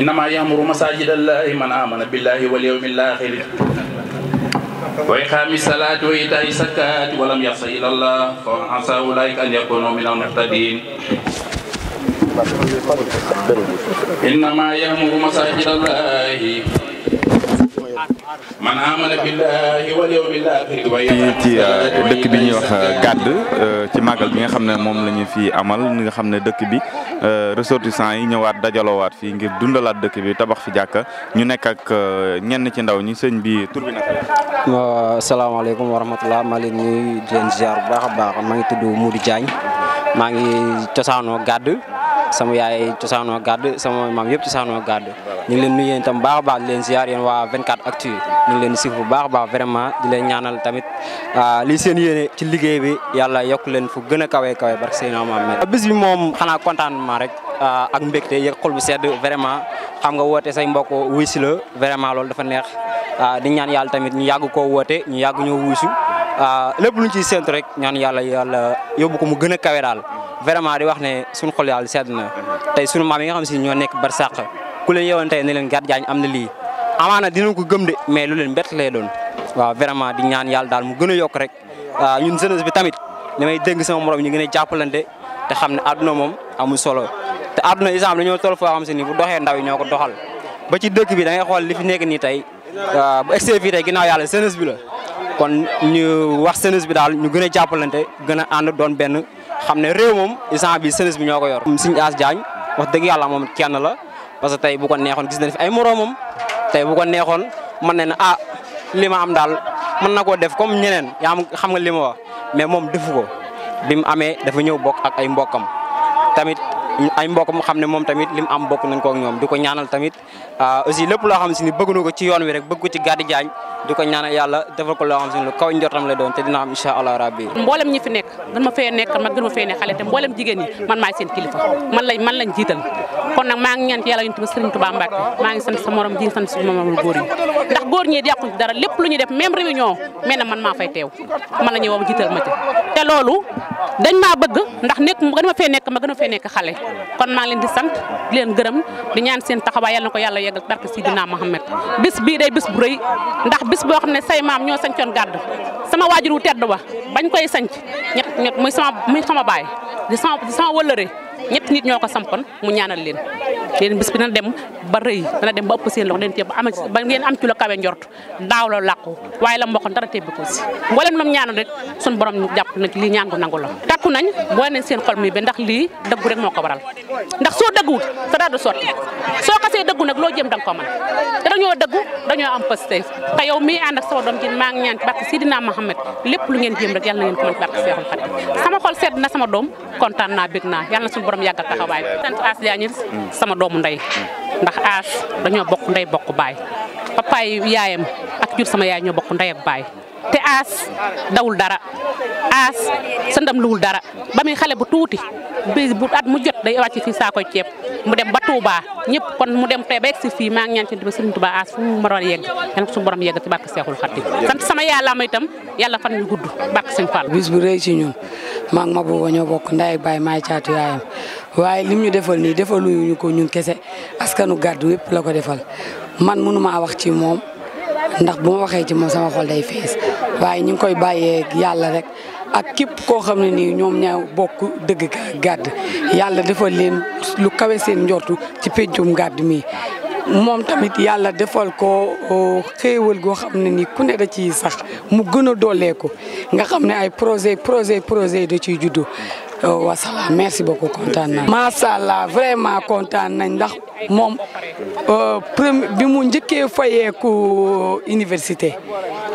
innama yamuru masajid allahi man amana billahi wal yawmil akhir wa iqami salati wa ita'i zakati wa lam yasa ila allah fa asa ulaika an yakunu min al muhtadin innama yamuru masajid allahi man fii ci euh, dëkk bi ñuy wax euh, gàdd euh, ci màggal bi nga xam ne moom lañu ñu fii amal nga xam ne dëkk bi ressortissants yi ñëwaat dajaloowaat fii ngir dundalaat dëkk bi tabax fi jàkka ñu nekk ak ñenn ci ndaw ñi sëñ bi tur bi naka la. asalaamaaleykum wa rahmatulah maa leen nuyu di leen bu baax a baax maa ngi tudd Modou Diagne maa ngi cosaanoo gàdd sama yaay cosaanoo gàdd sama maam yëpp cosaanoo gàdd. ñu ngi leen nuyu yéen itam baax a baax di leen ziar yéen waa 24 actu ñu ngi leen di siif bu baax a baax vraiment di leen ñaanal tamit ah, li seen yéene ci liggéey bi yàlla yokk leen fu gën a kawe kawe barke Seydina Muhammad ah, bis bi moom xanaa kontaan rek ah, ak mbégte yeek xol bu sedd vraiment xam nga woote say mbokk wuy si la vraiment loolu dafa neex di ñaan yàlla tamit ñu yàgg koo woote ñu yàgg ñoo wuusu lépp luñ ci séntu rek ñaan yàlla yàlla yóbbu ko mu gën a kawe daal vraiment di wax ne suñu xol yàlla sedd na tey suñu maam yi nga xam si ñoo nekk barsàq ku leen yeewoon tey ne am na lii amaana dina ko gëm de mais lu leen bett lay doon waaw vraiment di ñaan yàlla daal mu gën a yokk rek waaw ñun jeunesse bi tamit damay dégg sama morom ñu gën a jàppalante te xam ne àdduna moom amul solo te àdduna islam dañoo toll foo xam si ni bu doxee ndaw yi ñoo ko doxal ba ci dëkk bi da ngay xool li fi nekk nii tey bu egsee fii tey ginnaaw yàlla jeunesse bi la kon ñu wax jeunesse bi daal ñu gën a jàppalante gën a ànd doon benn xam ne réew moom islam bi jeunesse bi ñoo ko yor Serigne Ass Diagne wax dëgg yàlla moom kenn la parce que tey bu ko neexoon gis nañ fi ay moroomam tey bu ko neexoon mën na ne ah li ma am daal mën na koo def comme ñeneen yaa xam nga li ma wax mais moom defu ko bi mu amee dafa ñëw bokk ak ay mbokkam tamit ay mbokk mu xam ne moom tamit lim am bokk nañ ko ñoom di ko ñaanal tamit ah, aussi lépp loo xam si ni bëgg na ko ci yoon wi rek bëgg ko ci Gady Diagne di ko ñaanal yàlla defal ko loo xam si ni kaw njortam la doon te dina am incha allah rabbi mboolem ñi fi nekk gën ma fee nekk ma ma fee ma ca nekk ma a kon maa leen di sant leen gërëm di ñaan seen taxawaay yal na ko yàlla yeggal barke Sidina Mohamed bis bii day bis bu rëy ndax bis boo xam ne say maam ñoo sañcoon gàdd sama waajur wu tedd ba bañ koy sañc ñett ñett muy sama sama baay di sama di ñetti nit ñoo ko sampoon mu ñaanal leen leen bis bi dem ba rëy dana dem ba ëpp seen loxo den te ba am ba ngeen am ci la kawe njort daaw la làqu waaye la mboqoon dara tebbi ko si mboolem lam ñaanal rek sun borom jàpp na lii ñaan ko nangu la takku nañ boole nañ seen xol muy be ndax lii dëggu rek moo ko waral ndax soo dëgguwut soo xasee dëggu nag loo jëm danga ko mën te dañoo dëggu dañoo am pëste te yow mii ànd ak sama doom ci maa ñaan barke Sidina Mohamed lépp lu ngeen jëm rek yàlla na ngeen ko mën barke Seexul xol sedd na sama mu yàgg ak taxawaay sant As Diagne sama doomu ndey ndax As dañoo bokk ndey bokk baay papaay yaayam ak jur sama yaay ñoo bokk ndey ak baay te As dawul dara As sa ndam luwul dara ba muy xale bu tuuti bis bu at mu jot day wàcc fii saakoy ceeb mu dem ba Touba ñëpp kon mu dem tey ba egsi fii maa ngi ñaan ci ba Sëriñ Touba As fu mu yegg yal na yegg ci barke Seexul Xadiim sant sama yàlla ma itam yàlla fan ñu gudd barke Sëriñ Fall bis maak ma booba ñoo bokk ndey ak baay maay caatu yaayam waaye lim ñu defal nii defaluñu ko ñun kese askanu gàddu yëpp la ko defal man mënuma wax ci moom ndax bu ma waxee ci moom sama xol day fees waaye ñu ngi koy bàyyee yàlla rek ak képp koo xam ne nii ñoom ñaa bokk dëgg ka gàdd yàlla defal leen lu kawe seen njortu ci pencum gàdd mii moom tamit yàlla defal ko xéewal goo xam ne ni ku ne da ciy sax mu gën a dooleeku nga xam ne ay projet projet projet da ciy juddu wasalaam merci beaucoup kontaan naa. macha allah vraiment kontaan nañ ndax moom premier bi mu njëkkee fayeeku université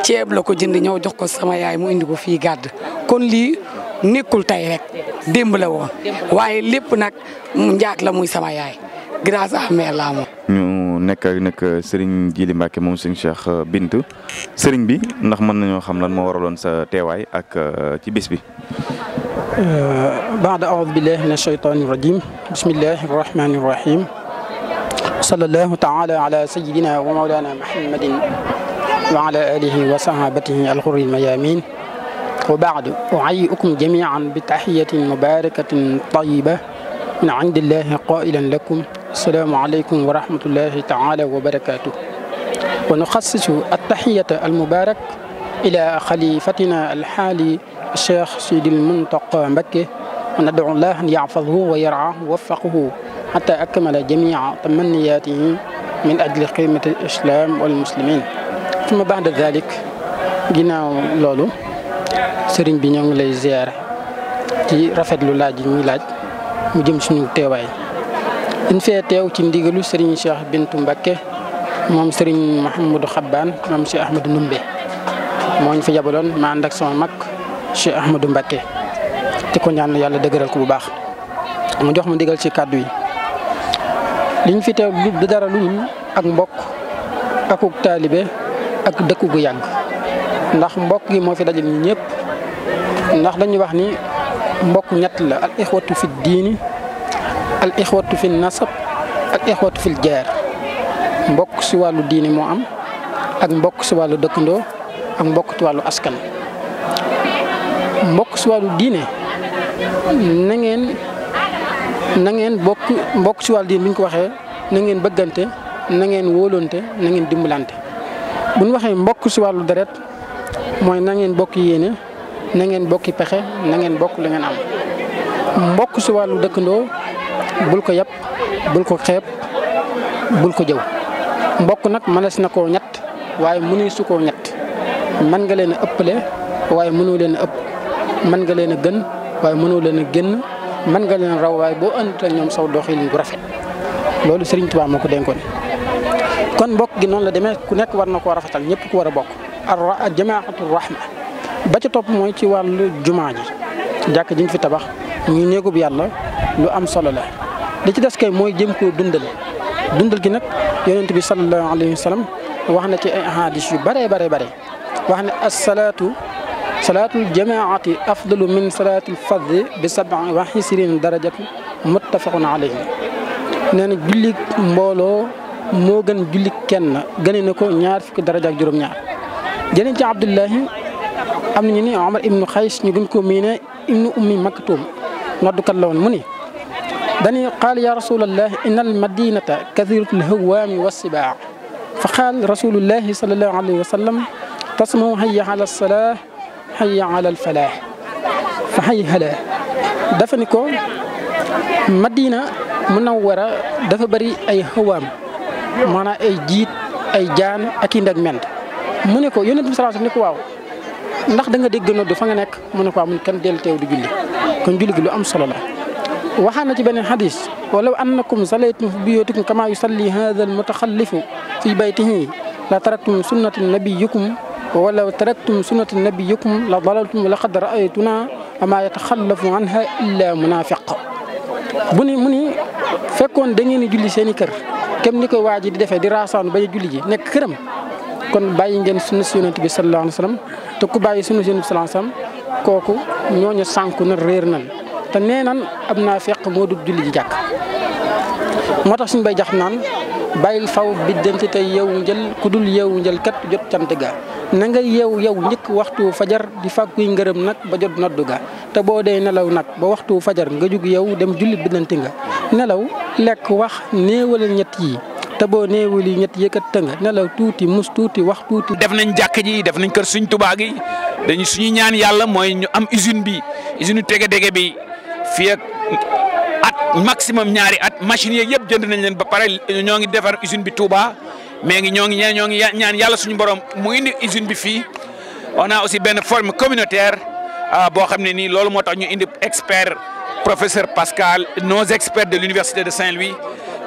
ceeb la ko jënd ñëw jox ko sama yaay mu indi ko fii gàdd kon lii nekkul tey rek démb la woon waaye lépp nag njaag la muy sama yaay. grâce à mère laa moom. ñu nekk nekk Serigne Djily Mbacke moom Serigne Cheikh euh, Bintu Serigne bi ndax mën nañoo xam lan moo waraloon sa teewaay ak euh, ci bis bi. Euh, baada aoudu billahi min ashaytani rajim bismillahi rahmani rahim sallallahu taala ala sayidina wa maulana muhammadin wa ala alihi wa sahabatihi alxuril mayamin wa baadu uhayiukum jamian bi tahiyatin mubarakatin tayiba min indillahi qailan lakum asalaamaaleykum wa rahmatullahi taala wa barakaatu. wa nuxassisu attahiyata almubarak ila xalifatina alxaali cheikh Sidi Muntaqa Mbakke wa nad'u llah an yahfadhu wa yar'ahu waffaqahu xata akmala jamia tamanniyaatihi min ajli xidmati islam wal muslimin suma ba'da dalik ginnaaw loolu sëriñ bi ñoo ngi lay ziyaar ci rafetlu laaj yi ñuy laaj mu jëm suñu teewaay dañ fee teew ci ndigalu Serigne Cheikh Bintu Mbakke moom sëriñ Mouhamadou Xabbaan moom Cheikh Ahmadou Numbe moo ñu fa yabaloon ma ànd ak sama mag Cheikh Ahmadou Mbakke te ko ñaan yàlla dëgëral ko bu baax mu jox mu ndigal ci kàddu yi. liñ fi teew du dara lu dul ak mbokk akuk taalibe ak dëkku bu yàgg ndax mbokk gi moo fi dajal ni ñëpp ndax dañuy wax ni mbokk ñett la al ixwatu fi diini. al ixwatu fil nasab al ixwatu fil jaar mbokk ci wàllu diine moo am ak mbokk ci wàllu dëkkandoo ak mbokk ci wàllu askan. mbokk si wàllu diine nangeen ngeen na ngeen bokk mbokk ci wàllu diine bi ñu ko waxee na ngeen bëggante na ngeen wóolonte na ngeen dimbalante bu ñu waxee mbokk ci wàllu deret mooy na ngeen bokk yéene na ngeen bokki pexe na ngeen bokk la ngeen am mbokk si wàllu dëkkandoo. bul ko yab bul ko xeeb bul ko jëw mbokk nag mënees na ko ñett waaye mënuñ su ñett mën nga leen a ëppale waaye mënoo leen ëpp mën nga leen gën waaye mënoo leen a génn mën nga leen raw waaye boo àndut ñoom saw doxalin bu rafet loolu Serigne Touba moo ko dénkoon kon mbokk gi noonu la demee ku nekk war na koo rafetal ñëpp ku war a bokk ar jamaatu rahma ba ca topp mooy ci wàllu jumaa ji jàkk ji ñu fi tabax ñu néegub yàlla lu am solo la li ci des kay mooy jëm koo dundal dundal gi nag yonent bi sallallahu alayhi wa sallam wax na ci ay ahadis yu bare bare bare wax ne asalaatu salaatu jamaati afdalu min salaatil fadli bi sab'i wa xisrin darajatu muttafaqun alayhi nee na jullik mbooloo moo gën jullik kenn gën na ko ñaar fukki daraja ak juróom-ñaar jëleen ci Abdullahi am nañu ni Omar ibnu Xays ñu gën koo miine ibnu ummi maktuum noddukat la woon mu ni dani qaal ya rasulallah inna almadinata kathiratu alhawaami walsibaa fa qaal rasulullahi salallahu alayhi wa sallam tasmahu hayya ala alsalah hayya ala alfalah fa hay hala dafa ni ko madina munawwara dafa bëri ay xawaam maanaam ay jiit ay jaan ak i ndeg ment mu ne ko yonent bi sallallahu alayhi wasallam ni ko waaw ndax da nga dégg nodd fa nga nekk mu ne ko waaw mun kenn dellu teew di julli kon julli gi lu am solo la waxaan na ci beneen xadis walaw annakum salaytum fi buyutikum kama yusalli hada almutaxallifu fi baytihi la taraktum sunnati nabiyikum walaw taraktum sunnati nabiyikum la dalaltum laqad raaytuna ama yataxallafu anha illa munafiq bu ni mu fekkoon da ngeen di julli seen i kër kem ni koy waa ji di defee di raasaan bañ a julli ji nekk këram kon bàyyi ngeen sunna si yonent bi sallallahu alayhi wa sallam te ku bàyyi sunna si yonent bi sallallahu alayhi wa sallam na réer te nee nan ab naa feq moo dul julli ji jàkk moo tax suñ bay jax naan bàyyil faw biddanti tey yeewu njël ku dul yeewu njël kat jot cant ga na nga yeew yow njëkk waxtu fajar di fàkkuy ngërëm nag ba jot noddu ga te boo dee nelaw nag ba waxtu fajar nga jug yow dem julli biddanti nga nelaw lekk wax néewalal ñett yi te boo néewul ñett yëkkat të nga nelaw tuuti mus tuuti wax tuuti def nañ jàkk ji def nañ kër suñ tubaa gi dañu suñu ñaan yàlla mooy bi fii ak at maximum ñaari at machines yeeg yëpp jënd nañ leen ba pare ñoo ngi defar usine bi Touba mais ngi ñoo ngi ñoo ngi ñaan yàlla suñu borom mu indi usine bi fii on a aussi benn forme communautaire euh, boo xam ne nii loolu moo tax ñu indi expert professeur Pascal nos experts de l'université de Saint-Louis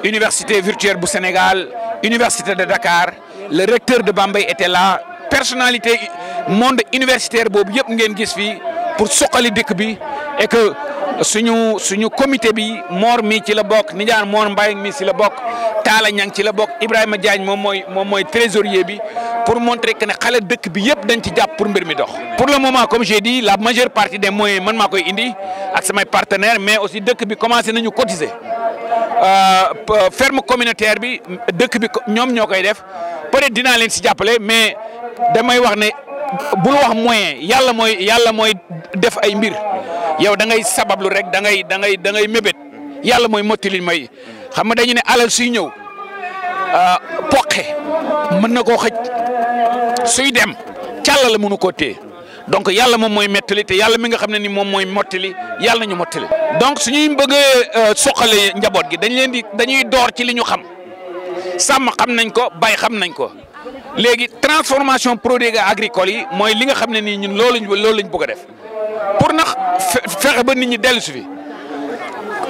université virtuelle bu Sénégal université de Dakar le recteur de Bambey était là personnalité monde universitaire boobu yëpp ngeen gis fii pour suqali dëkk bi et que suñu suñu comité bi Mor mi ci la bokk Nijaan Mor Mbaye mi ci la bokk Talla Niang ci la bokk Ibrahima Diagne moom mooy moom mooy trésorier bi pour montrer que ne xale dëkk bi yëpp dañ ci jàpp pour mbir mi dox. pour le moment comme j'ai la majeure partie des moyens man maa koy indi ak samay partenaires mais aussi dëkk bi commencé nañu cotiser euh, ferme communautaire bi dëkk bi ñoom ñoo koy def peut dinaa leen ci jàppale mais damay wax ne. bul wax moyen yàlla mooy yàlla mooy def ay mbir yow da ngay sabablu rek da ngay da ngay mébét yàlla mooy mottali may xam nga dañu ne alal suy ñëw ah, poqe mën na koo xëj suy dem càlla la mënu koo téye donc yàlla moom mooy mettali te yàlla mi nga xam ne ni moom mooy mottali yàlla nañu mottali donc suñuy bëggee euh, soqale njaboot gi dañ leen di dañuy door ci li ñu xam sàmm xam nañ ko bay xam nañ ko léegi transformation produits agricoles yi mooy li nga xam ne nii ñun loolu lañ loolu lañ bëgg a def pour nax fexe ba ni ñu dellu si fi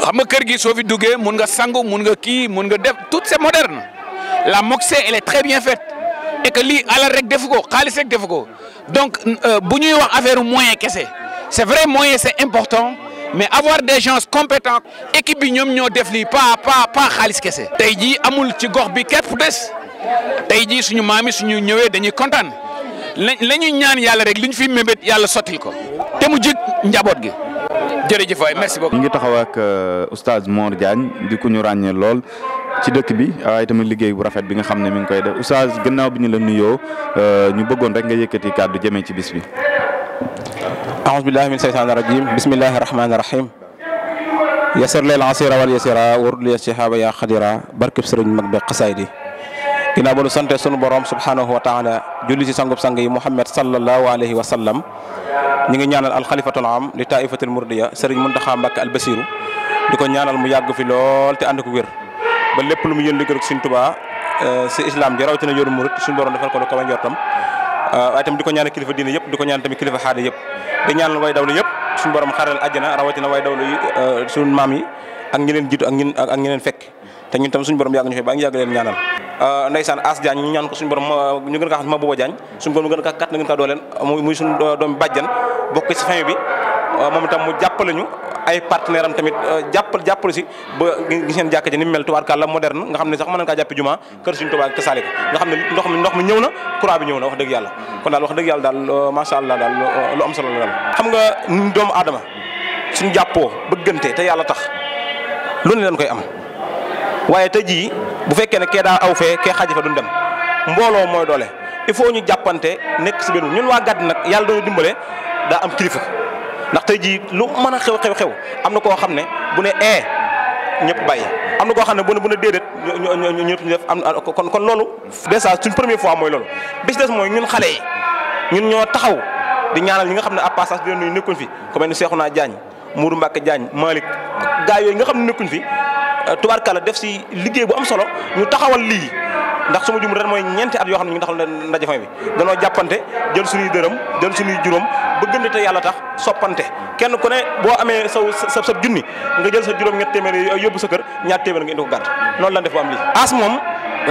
xam nga kër gi soo fi duggee mun nga sangu mun nga kii mun nga def tout c'est moderne la moxée elle est très bien faite et que lii alal rek defu ko xaalis rek defu ko donc euh, bu ñuy wax affaire moyen kese c'est vrai moyen c'est important mais avoir des gens compétents équipe bi ñoom ñoo def lii pas pas pas xaalis kese. tey jii amul ci gox bi képp des. tey jii suñu maam yi suñu ñëwee dañuy kontaan la ñaan yàlla rek li fi mébét yàlla sottil ko te mu jig njaboot gi jërëjëf waay merci beaucoup. ñu ngi taxaw ak euh, oustaz Mor Diagne di ku ñu ràññee lool ci dëkk bi waaye tamit liggéey bu rafet bi nga xam ne mi ngi koy def oustaz gannaaw bi ñu la nuyoo euh, ñu bëggoon rek nga yëkkati kàddu jëmee ci bis bi. aouzu billahi min seytaani rajim bismillahi rahmaani rahim. yasir leel asira wal yasira warul yas ci xaaba xadira barkeb sëriñ ginnaaw ba nu sante sunu borom subhanahu wa taala julli ci sangub sang yi Muhammad sallallahu alayhi wa sallam ñu ngi ñaanal alxalifatul am li taifatul murdiya Serigne Mountakha Mbacké al Basiru di ko ñaanal mu yàgg fi lool te ànd ko ba lépp lu mu yën liggéey ak Sëriñ Tuubaa eh, ci islam ji rawatina yoonu murid suñu borom defal ko lu kaw njortam eh, waaye tamit di ko ñaanal kilifa diine yëpp di ko ñaan tamit kilifa xaada yëpp di ñaanal way dawlu yëpp te ñu fi ba ngi yàgg leen ñaanal euh, ndeysaan As Diagne ñu ñaan ma booba Diagne suñu borom gën kaa kat na gën kaa dooleel euh, moom itam mu jàppale ñu ay partenaire am tamit euh, jàppal jàppal si ba gis ngeen jàkka ni mu mel tubaarkàlla moderne nga xam ne sax mën nañ kaa jàppe juma kër ne ndox mi ndox mi ñëw na croix bi ñëw na wax dëgg yàlla kon daal wax dëgg yàlla daal masha allah daal lu am solo la daal xam nga doomu aadama suñu jàppoo bëggante te yàlla tax lu ne dañ koy am waaye tey jii bu fekkee ne ke daa aw fee kee xaaj fa duñ dem mbooloo mooy doole il faut ñu jàppante nekk si benn ñun waa Gàdd nag yàlla doon dimbale daa am kilifa ndax tey jii lu mën a xew xew xew am na koo xam ne bu ne ee ñëpp bàyyi na koo xam ne bu ne bu ne déedéet ñu ñëpp ñu def am kon kon loolu déjà suñ première fois mooy loolu bis mooy ñun xale yi ñun ñoo taxaw di ñaanal ñi nga xam ne à passage dina nuyu nekkuñ fi ku mel ni Cheikhouna Diagne Mourou Mbacke Diagne Malick gaa yooyu nga xam ne fi Euh, tubaarkàlla def si liggéey bu am solo ñu taxawal lii ndax su ma jum ren mooy ñeenti at yoo xam ne ñu ngi taxawal ndaje famille bi danoo jàppante jël suñuy dërëm jël suñuy juróom bëggante te yàlla tax soppante kenn ku ne boo amee saw sa sa junni nga jël sa juróom ñett téeméer yóbbu sa kër ñaar téeméer nga indi ko gàtt noonu lan def ba am lii as moom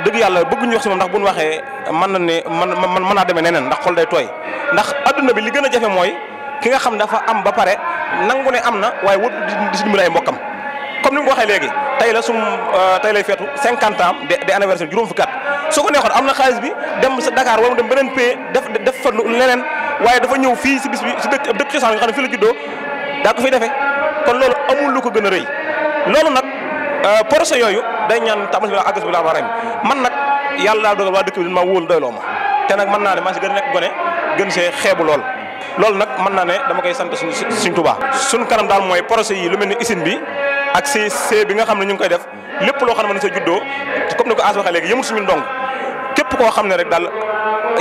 dëgg yàlla bëgguñu wax si moom ndax bu ñu waxee mën na ne man man mën naa demee neneen ndax xol day tooy ndax adduna bi li gën a jafe mooy ki nga xam dafa am ba pare nangu ne am na waaye wut di dimbali ay mbokkam comme ni mu waxee léegi tey la sum euh, tey lay feetu cinquante ans de de anniversaire juróom fukki at su ko neexoon am na xaalis bi dem sa Dakar wala mu dem beneen pays def def fa leneen waaye dafa ñëw fii si bis bi si dëkk dëkk cosaan nga xam ne fii la juddoo daa ko fiy defee kon loolu amul lu ko gën a rëy loolu nag euh, projet yooyu day ñaan tamal bi agas bi laa baram man nag yàlla daal dogal waa dëkk bi dañ ma wóolu doyloo ma te nag mën naa ne maa si gën a nekk gën see xeebu lool loolu nag mën naa ne dama koy sant suñ suñ Tuubaa suñ kanam daal mooy projet yi lu mel ni usine bi ak CC bi nga xam ne ñu ngi koy def lépp loo xam ne mën sa juddoo comme ni ko As waxee léegi yëmul suñu ndong képp koo xam ne rek daal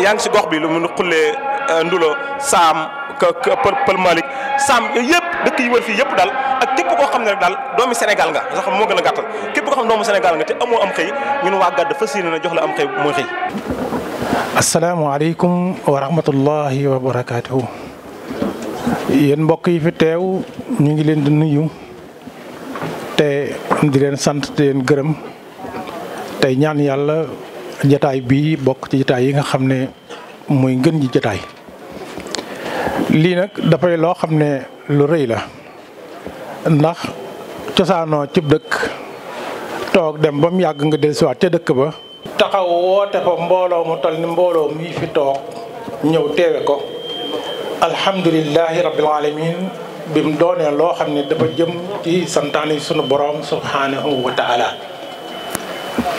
yaa ngi si gox bi lu mu xullee euh, ndulo saam pël pël Malick saam yëpp dëkk yi wër fii yëpp daal ak képp koo xam ne rek daal doomi Sénégal nga sax moo gën a gàttal képp koo xam ne doomu Sénégal nga te amoo am xëy ñun waa Gàdd fas yéene na jox la am xëy mooy xëy. asalaamaaleykum wa rahmatullahi wa barakaatuhu. yéen mbokk yi fi teew ngi leen di nuyu. te di leen sant di leen gërëm tey ñaan yàlla jataay bii bokk ci jataay yi nga xam ne muy ngën ji jataay lii nag dafay loo xam ne lu rëy la ndax cosaanoo cib dëkk toog dem ba mu yàgg nga dellusiwaat ca dëkk ba taxaw woote fa mbooloo mu toll mbooloo mii fi toog ñëw teewe ko alhamdulillahi rabbil alamin bi mu loo xam ne dafa jëm ci santaani sunu borom subhanahu wa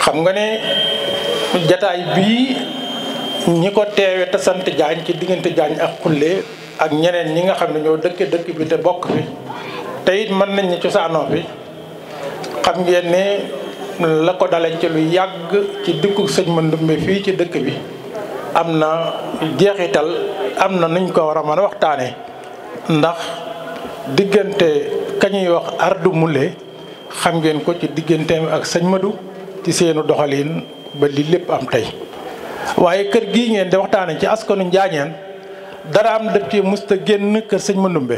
xam nga ne jataay bii ñi ko teewe te sant jaañ ci diggante jaañ ak xulle ak ñeneen ñi nga xam ne ñoo dëkk dëkk bi te bokk fi te mën nañ ne cosaanoo fi xam ngeen ne la ko dalañ ci lu yàgg ci dikku sëñ Mandoumbe fii ci dëkk bi am na jeexital am na nuñ ko war a mën a waxtaane ndax diggante kañuy wax ardu mule xam ngeen ko ci digganteem ak sëñ Madou ci seenu doxalin ba li lépp am tey waaye kër gii ngeen di waxtaane ci askanu njaañeen dara am def ci musta génn kër sëñ Mandumbe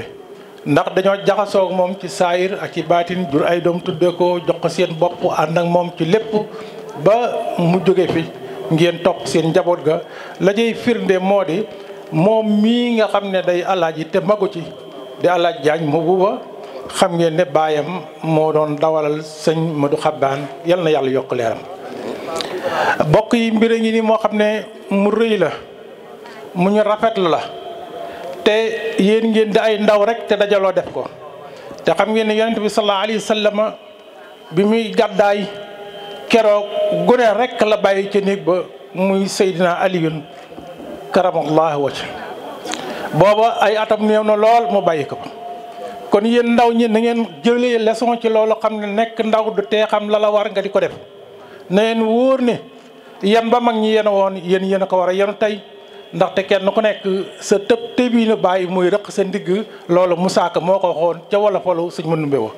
ndax dañoo jaxasoo moom ci saayir ak ci baatin jur ay doom tudde ko jox ko seen bopp ànd ak moom ci lépp ba mu jóge fi ngeen topp seen njaboot ga la jëy firnde moo di moom mii nga xam ne day yi te magu ci di alaaj Jaañ mu buuba xam ngeen ne baayam moo doon dawalal sëñ Madu Xabbaan yal na yàlla yokk leeram bokk yi mbir ngi ni moo xam ne mu rëy la mu ñu rafetlu la te yéen ngeen di ay ndaw rek te dajaloo def ko te xam ngeen ne yonent bi sallallahu alayhi wa bi muy gàddaay keroog gone rekk la bàyyi ca néeg ba muy Seydina Aliyun karamallahu wajh booba ay atam néew na lool mu bàyyi ko kon yéen ndaw ñi na ngeen jëlee leçon ci loolu xam ne nekk ndaw du tee xam la la war nga di ko def na ngeen wóor ne yan ba mag ñi yéen a woon yéen yéen a ko war a yenu tey ndaxte kenn ku nekk sa tëb bii na bàyyi muy rëq sa ndigg loolu musaaka moo ko waxoon ca wala falu suñ mënumbe wa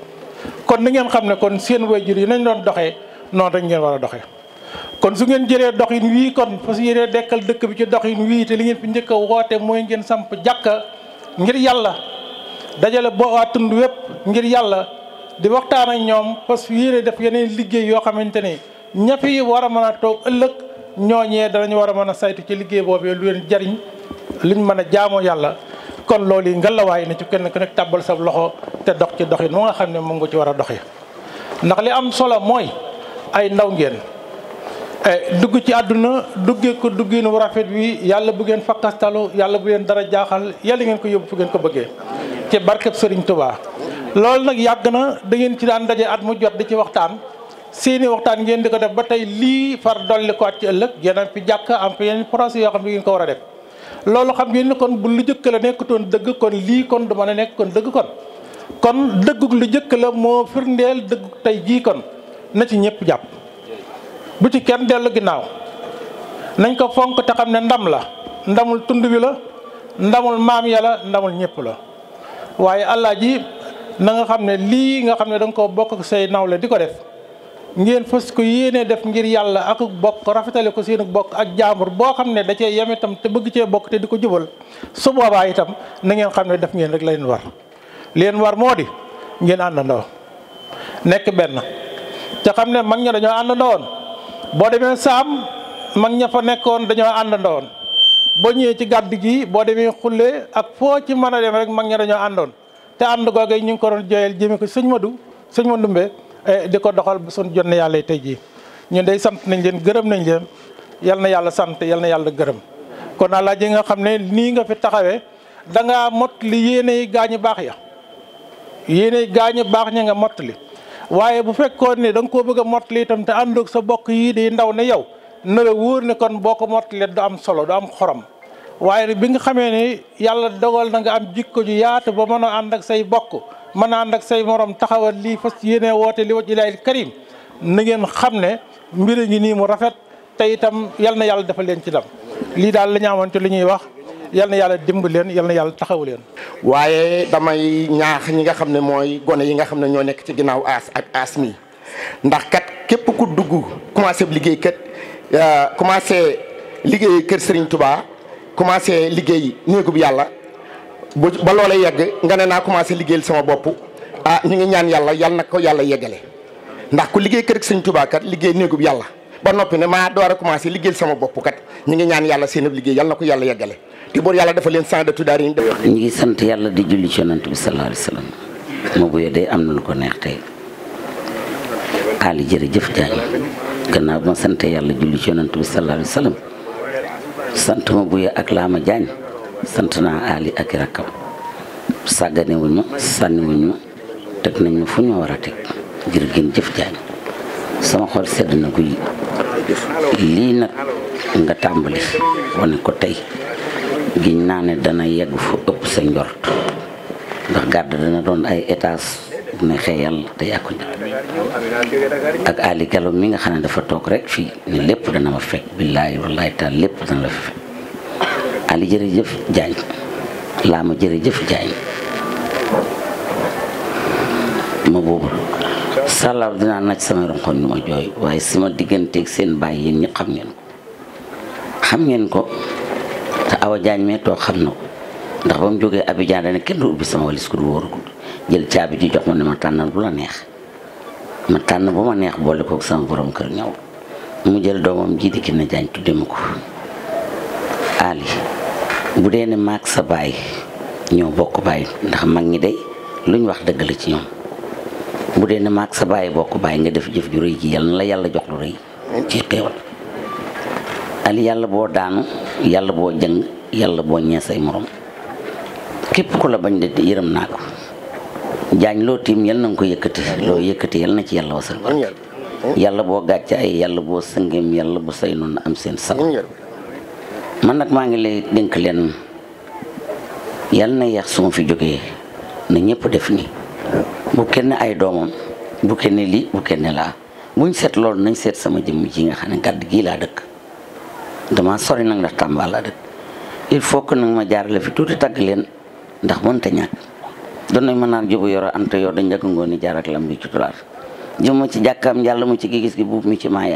kon na ngeen xam ne kon seen wayjur yi nañ doon doxee noonu rek ngeen war a doxee kon su ngeen jëlee doxin wii kon fas yéene dekkal dëkk bi ci dox doxin wii te li ngeen fi njëkk woote mooy ngeen samp jàkka ngir yàlla dajale boo waa tund wépp ngir yàlla di waxtaan ak ñoom fas yéene def yeneen liggéey yoo xamante ne ña fi war a mën a toog ëllëg ñooñee danañu war a mën a saytu ci liggéey boobee lu leen jariñ luñ mën a jaamoo yàlla kon loolu yi ngalawaay na ci kenn ku nekk tàbbal sa loxo te dox ci doxin mu nga xam ne moom nga ci war a doxee ndax li am solo mooy ay ndaw ngeen Eh, dugg ci àdduna duggee ko duggee nu rafet wi yàlla bu ngeen fakkastalu yàlla bu ngeen dara jaaxal yàlla ngeen ko yóbbu fu ngeen ko bëggee ci barkeb Serigne Touba. loolu nag yàgg na da ngeen ci daan daje at mu jot di ci waxtaan seeni waxtaan ngeen di ko def ba tey lii far dolli ko at ci ëllëg ngeen am fi jàkk am fi yeneen projet yoo xam ne ngeen ko war a def. loolu xam ngeen ne kon bu lu jëkk la nekkutoon dëgg kon lii kon du mën a nekk kon dëgg kon kon dëggug lu jëkk la moo firndeel dëggug tey jii kon na ci ñëpp jàpp. bu ci kenn dellu ginnaaw nañ ko fonk te xam ne ndam la ndamul tund wi la ndamul maam ya la ndamul ñëpp la waaye allah ji na nga xam ne lii nga xam ne da ko bokk ak say nawle di ko def ngeen fës ko yéenee def ngir yàlla ak bokk rafetale ko seen bokk ak jaambur boo xam ne da cee yem itam te bëgg cee bokk te di ko jubal su boobaa itam na ngeen xam ne def ngeen rek la leen war leen war moo di ngeen àndandoo nekk benn te xam ne mag ña dañoo àndandoon boo demee saam mag ña fa nekkoon dañoo àndandoon boo ñëwee ci gàdd gi boo demee xulle ak foo ci mën a dem rek mag ña dañoo àndoon te ànd googu ñu ngi ko doon jooyal jëme ko sëñ Madu sëñ Mandumbe eh, di ko doxal ba suñ jonne yàlla tey jii ñun dey sant nañ leen gërëm nañ leen yal na yàlla sant yal na yàlla gërëm kon alaa ji nga xam ne nii nga fi taxawee danga ngaa mot li yéene gaañu baax ya yéene yi gaañu baax ña nga mot li waaye bu fekkoon ne da nga koo bëgg a mottali itam te àndoog sa bokk yii di ndaw ne yow na la wóor ne kon boo ko mottalee du am solo du am xorom waaye bi nga xamee ne yàlla dogal na nga am jikko ju yaatu ba mën a ànd ak say bokk mën a ànd ak say morom taxawal lii fas yéene woote li waj ilaahil karim na ngeen xam ne mbir ngi nii mu rafet te itam yal na yàlla dafa leen ci dam lii daal la ñu li ñuy wax yal na yàlla dimb leen yal na yàlla taxaw leen. waaye damay ñaax ñi nga xam ne mooy gone yi nga xam ne ñoo nekk ci ginnaaw aas ak asmi ndax kat képp ku dugg commencé liggéey kat euh, commencé liggéey kër sëriñ Touba commencé liggéey néegub yàlla bu ba loola yegg nga ne naa commencé liggéey sama bopp ah ñu ngi ñaan yàlla yal na ko yàlla yeggale ndax ku liggéey kër Serigne Touba kat liggéey néegub yàlla. ba noppi ne maa door a commencé liggéeyal sama bopp kat ñu ngi ñaan yàlla liggéey yal na ko yàlla yeggale te bon yàlla dafa leen ñu ngi sant yàlla di julli ci bi sallallahu alayhi wasallam moo bu dee am na lu ko neex tey Ali jërëjëf Diagne gannaaw ma sant yàlla julli ci yonent bi sallallahu alayhi sant ma buye ak Lama Diagne sant naa Ali ak rakkam sàgganewuñ ma sànniwuñ ma teg nañ ma fu ñu war a teg jërë ngeen jëf Diagne sama xol sedd na ko lii nag nga tàmbali wane ko tey giñ naa ne dana yegg fu ëpp sa njort ndax garde dana doon ay etaas ne xëy yàlla te yaa ak Ali Gallo mi nga xam ne dafa toog rek fii ne lépp dana ma fekk billaahi wallaahi taal lépp dana la fa fekk Ali jërëjëf Jaañ laa ma jërëjëf Jaañ ma boobu sàllaaw dinaa naj sama ronkoon ñu ma jooy waaye sama digganteeg seen bàyyi yéen ñi xam ngeen ko xam ngeen ko awa jaañ mee toog xam na ndax ba mu jógee Abidjan dana kenn du ubbi sama walis ku du wóoragul jël caabi ji jox ma ne ma tànnal bu la neex ma tànn bu ma neex boole kook sama boroom kër ñaw mu jël doomam jii di Kiné Diagne tudde ma ko Ali bu dee ne maag sa baay ñoo bokk baay ndax mag ñi day luñ wax dëgg la ci ñoom bu dee ne maag sa baay bokk baay nga def jëf ju rëy ji yal na la yàlla jox lu rëy al yàlla boo daanu yàlla boo jëng yàlla boo ñee say képp ku la bañ de yërëm naa ko jaañ loo tiim yal na nga ko yëkkati loo yëkkati na ci yàlla wasal barke yàlla boo gàcce ay yàlla boo sëngeem yàlla bu say noonu am seen sago man nag maa ngi lay dénk leen yal na yeex suma fi jógee na ñëpp def nii bu kenn ay doomam bu kenn lii bu kenn laa buñ seet loolu nañ seet sama jëmm ji nga xam ne gàdd gii laa dëkk dama sori nag ndax tambala dëkk il faut que nag ma jaarale fi tuuti tagg leen ndax mënta ñàkk doon nañ ma naan jubu yoro anta yor da njëkk ngoon ni jaar ak lam bi ci tulaar juma ci jàkkaam jàll mu ci gigis gi buub mi ci maa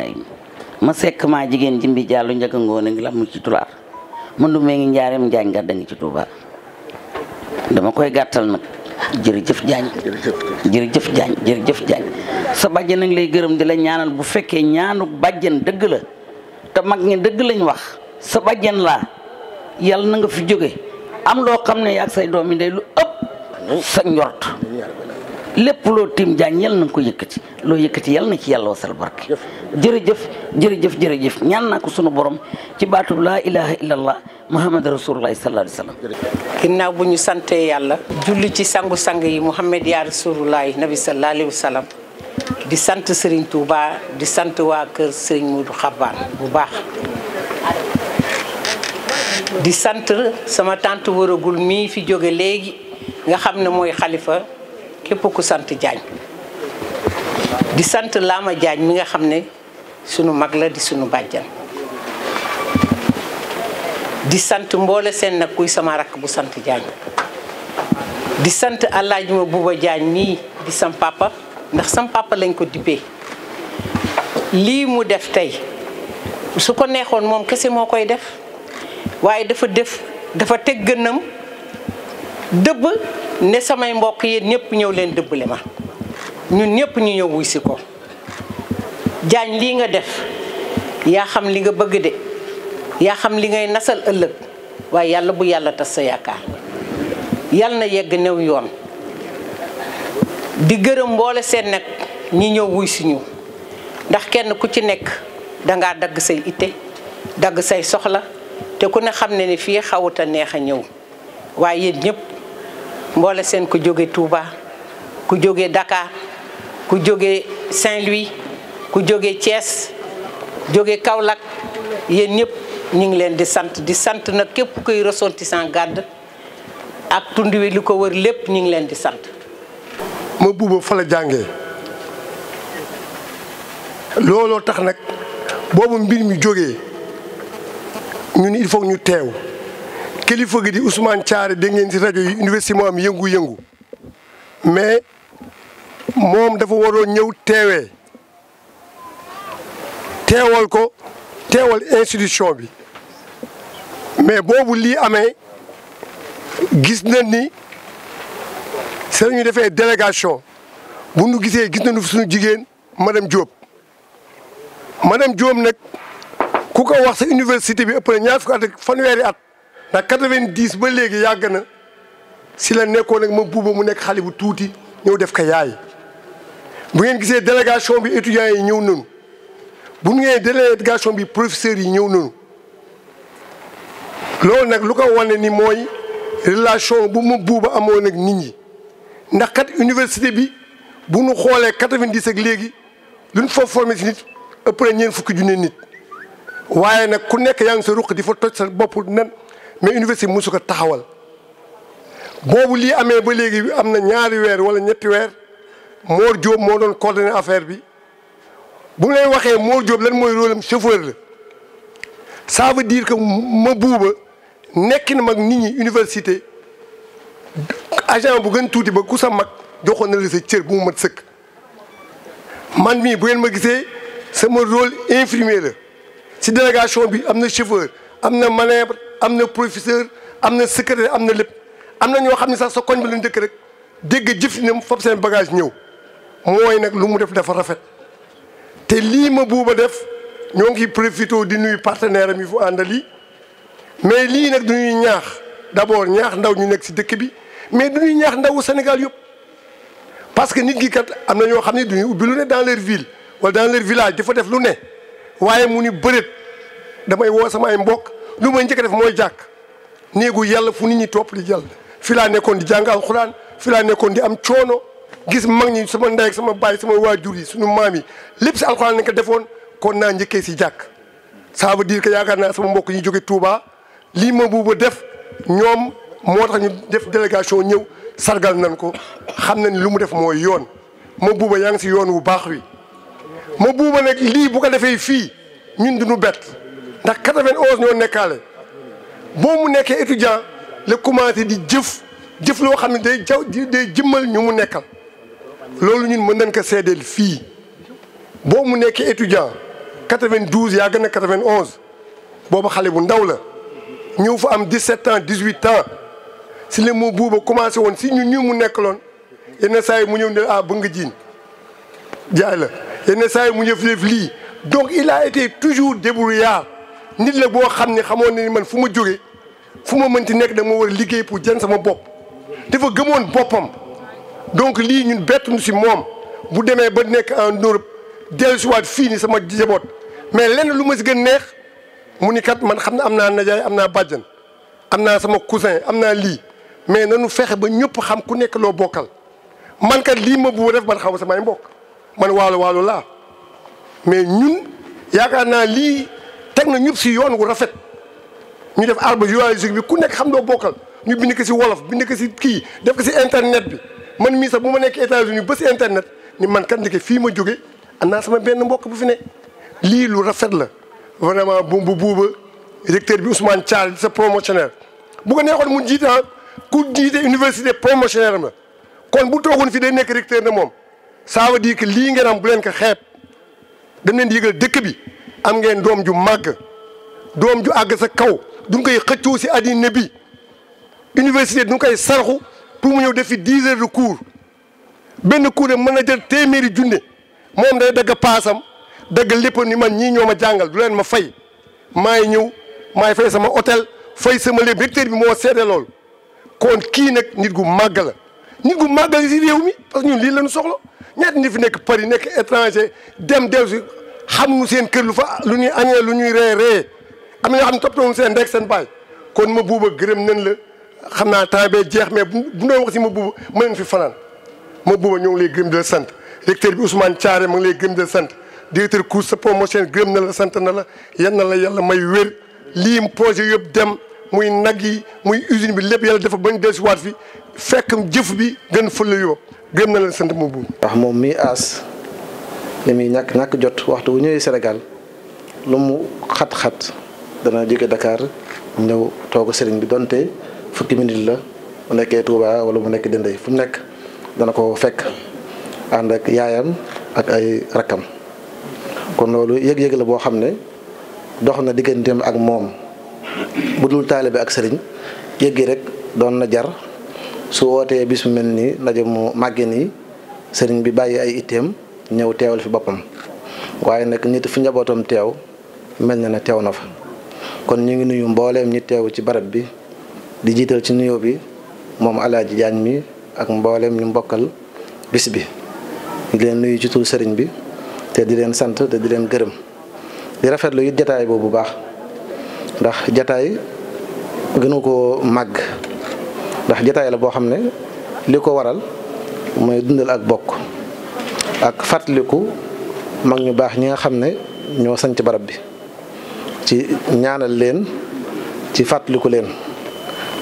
ma sekk maa jigéen jimbi jàllu njëkk ngoon ngi lam mu ci tulaar man du mee ngi njaareem njaañ nga da ngi ci Tuuba dama koy gàttal nag jërëjëf Diagne jërëjëf Diagne jërëjëf Diagne sa bàjjen nag lay gërëm di la ñaanal bu fekkee ñaanu bàjjen dëgg la te mag ñi dëgg lañ wax sa bàjjen la yàlla na nga fi jóge am loo xam ne yaag say doomi yi day lu ëpp sa njort lépp loo tiim jaañ yàlla na ko yëkkati loo yëkkati yàlla na ci yàlla wasal barke jërëjëf jërëjëf jërëjëf ñaan na ko sunu borom ci baatu la ilaha illallah muhammad rasulullahi sallallahu alayhi wasallam ginnaaw bu ñu sante yàlla julli ci sangu-sang yi muhammad ya rasulullahi nabi sallallahu alayhi wasallam di sant Serigne Touba di sant waa kër Serigne Modou Xabaan bu baax di sant sama tànt wëragul mii fi jóge léegi nga xam ne mooy xalifa képp ku sant Diagne di sant Lama jaañ mi nga xam ne sunu mag la di sunu bàjjan di sant mboole seen nag kuy sama rakk bu sant Diagne di sant Alaaji Buuba Diagne mii di sam ndax sam papa lañ ko dibbee lii mu def tey su ko neexoon moom kese moo koy def waaye dafa def dafa teg gënam dëbb ne samay mbokk yéen ñépp ñëw leen dëbbale ma ñun ñëpp ñu ñëw wuy si ko jaañ lii nga def yaa xam li nga bëgg de yaa xam li ngay nasal ëllëg waaye yàlla bu yàlla tas sa yaakaar yàlla na yegg new yoon di gërëm mboole seen nag ñi ñëw wuy suñu ndax kenn ku ci nekk dangaa dagg say itte dagg say soxla te ku ne xam ne ni fii xawut a neex a ñëw waaye yéen ñëpp mboole seen ku jóge Touba ku jóge dakaar ku jóge Saint-Louis ku jóge Thiès jóge Kaolack yéen ñëpp ñu ngi leen di sant di sant nag képp kuy ressortissant gàdd ak tund wi li ko wër lépp ñu ngi leen di sant ma buuba fa la jàngee looloo tax nag boobu mbir mi jógee ñu il faut ñu teew kilifa gi di Ousmane Thiaré dégg ngeen ci rajo yi université moo am yëngu-yëngu mais moom dafa waroon ñëw teewee teewal ko teewal institution bi mais boobu lii amee gis na ni se ñu defee délégation bu nu gisee gis nañu suñu jigéen madame jóob madame Diop nag ku ko wax sa université bi ëpp na ñaar fukki at ak fanweeri at ndax quatre-vingt-dix ba léegi yàgg na si la nekkoon nag ma buuba mu nekk xale bu tuuti ñëw def ko yaay bu ngeen gisee délégation bi étudiants yi ñëw nañu bu ngeen délégation bi professeurs yi ñëw nañu loolu nag lu ko wane ni mooy relation bu ma buuba amoon ak nit ñi ndax kat université bi bu ñu xoolee quatre-vingt-dix ak léegi lu ñu foofu formé si nit ëpp na ñeent fukki junne nit waaye nag ku nekk yaa ngi sa ruq di fa toj sa bopp nen mais université bi su ko taxawal. boobu lii amee ba léegi am na ñaari weer wala ñetti weer Mor Diop moo doon coordonné affaire bi bu lay waxee Mor Diop lan mooy rôle am chauffeur la ça veut dire que ma buuba nekk na mag nit ñi université. agent bu gën tuuti ba ku sa mag joxoon na la sa cër bu sëkk man mii bu ngeen ma gisee sama rôle infirmier la si délégation bi am na chauffeur am na manœuvre am na professeur am na secrétaire am na lépp am na ñoo xam ne sax sa koñ bi lañ dëkk rek dégg jëfandikam fab seen bagage ñëw mooy nag lu mu def dafa rafet te lii ma buuba def ñoo ngi profité di nuyu partenaire am yi fu àndal yi mais lii nag du ñuy ñaax d'abord ñaax ndaw ñu nekk si dëkk bi. mais du ñuy ñaax ndawu Sénégal yëpp parce que nit gi kat am na ñoo xam ne du ñu ubbi lu ne dans leur ville wala dans leur dafa def lu ne waaye mu ni bëreet damay woo sama ay mbokk lu may njëkk def mooy jàkk néegu yàlla fu nit ñi topp li jàll fi laa nekkoon di jàng alxuraan fi laa nekkoon di am coono gis mag ñi sama ndey ak sama baay sama waajur yi suñu maam yi lépp si alxuraan lañ ko defoon kon naa njëkkee si jàkk ça veut dire que yaakaar naa sama mbokk yi jóge Touba lii ma buuba def ñoom moo tax ñu def délégation ñëw sargal nañ ko xam na ni lu mu def mooy yoon ma buuba yaa ngi si yoon wu baax wi ma buuba nag lii bu ko defee fii ñun di duñu bett ndax 91 ñoo nekkaale boo mu nekkee étudiant la commencé di jëf jëf loo xam ne day jaw day jëmmal ñu mu nekkal loolu ñun mën nañ ko seedeel fii boo mu nekkee étudiant 92 yaa gën a 91 booba xale bu ndaw la ñëw fu am 17 ans 18 ans si la moo buuba commencé woon si ñun ñu mu nekk loon yenn saa yi mu ñëw ne ah bëgg jiin jaay la yenn saa yi mu ñëw def lii donc il a été toujours débrouillard nit la boo xam ne xamoon ne man fu ma jóge fu ma mënti nekk dama war a liggéey pour jën sama bopp fa gëmoon boppam donc lii ñun bettuñu si moom bu demee ba nekk en Europe dellusiwaat fii ni sama jaboot mais lenn lu ma si gën neex mu ni kat man xam ne am naa najaay am naa bàjjan am naa sama cousin am naa lii mais nanu fexe ba ñëpp xam ku nekk loo bokkal man kat lii ma bu def man xaw samay mbokk man waalo waalo laa mais ñun yaakaar naa lii teg na ñëpp si yoon wu rafet ñu def arbre généalogique bi ku nekk xam loo bokkal ñu bind ko si wolof bind ko si kii def ko si internet bi man mii sax bu ma nekk États-Unis ba si internet ni man kat ndeke fii ma jóge am naa sama benn mbokk bu fi ne lii lu rafet la vraiment bu bu buuba recteur bi Ousmane Thial sa promotionnaire bu ko neexoon mu jiite ah, ku jiite université promotionnaire am la kon bu toogoon fii day nekk recteur na moom ça di dire que lii ngeen am bu leen ko xeeb dañ leen di dëkk bi am ngeen doom ju màgg doom ju àgg sa kaw duñ koy xëccoo si àddina bi université duñ koy sarxu pour mu ñëw def fi dix heures de cours benn cours de mën na jël téeméeri junne moom day dagg paasam dagg lépp ni man ñii ñoo ma jàngal du leen ma fay maay ñëw maay fay sama hôtel fay sama lépp recteur bi moo seede lool. kon kii nag nit gu màgg la nit gu màgg la si réew mi parce que ñun lii la ñu soxla ñaata nit fi nekk Paris nekk étranger dem dellu si xamuñu seen kër lu fa lu ñuy añee lu ñuy ree ree am na ñoo xam ne toppatoo seen ndek seen baay kon ma buuba gërëm nañ la xam naa temps jeex mais bu doon wax si ma buuba ma leen fi fanaan ma buuba ñoo ngi lay gërëm di la sant recteur bi Ousmane Thiaré ma ngi lay gërëm di la sant directeur cours sa promotion gërëm la sant na la yan na la yàlla may wér lii projet yëpp dem muy nag yi muy usine bi lépp yàlla dafa bañ waat fi fekk jëf bi gën fële yoo gëm na sant moom bu ndax moom mii aas li muy ñàkk ñàkk jot waxtu bu ñëwee Sénégal lu mu xat-xat dana jóge dakaar ñëw toog sëriñ bi donte fukki minute la mu nekkee Touba wala mu nekk Dendey fu mu nekk dana ko fekk ànd ak yaayam ak ay rakkam kon loolu yëg-yëg la boo xam ne dox na digganteem ak moom. bu dul taale bi ak sëriñ yëggi rek doon na jar su wootee bis mu mel ni ndaje mu màgge ni sëriñ bi bàyyi ay itteem ñëw teewal fi boppam waaye nag nit fu njabootam teew mel na ne teew na fa kon ñu ngi nuyu mbooleem ñu teew ci barab bi di jiital ci nuyoo bi moom alaaji jaañ mi ak mbooleem ñu mbokkal bis bi di leen nuyu ci tur sëriñ bi te di leen sant te di leen gërëm di rafetlu it jataay boobu bu baax ndax jataay gënu koo màgg ndax jataay la boo xam ne li ko waral mooy dundal ak bokk ak fàttaliku mag ñu baax ñi nga xam ne ñoo sanc barab bi ci ñaanal leen ci fàttaliku leen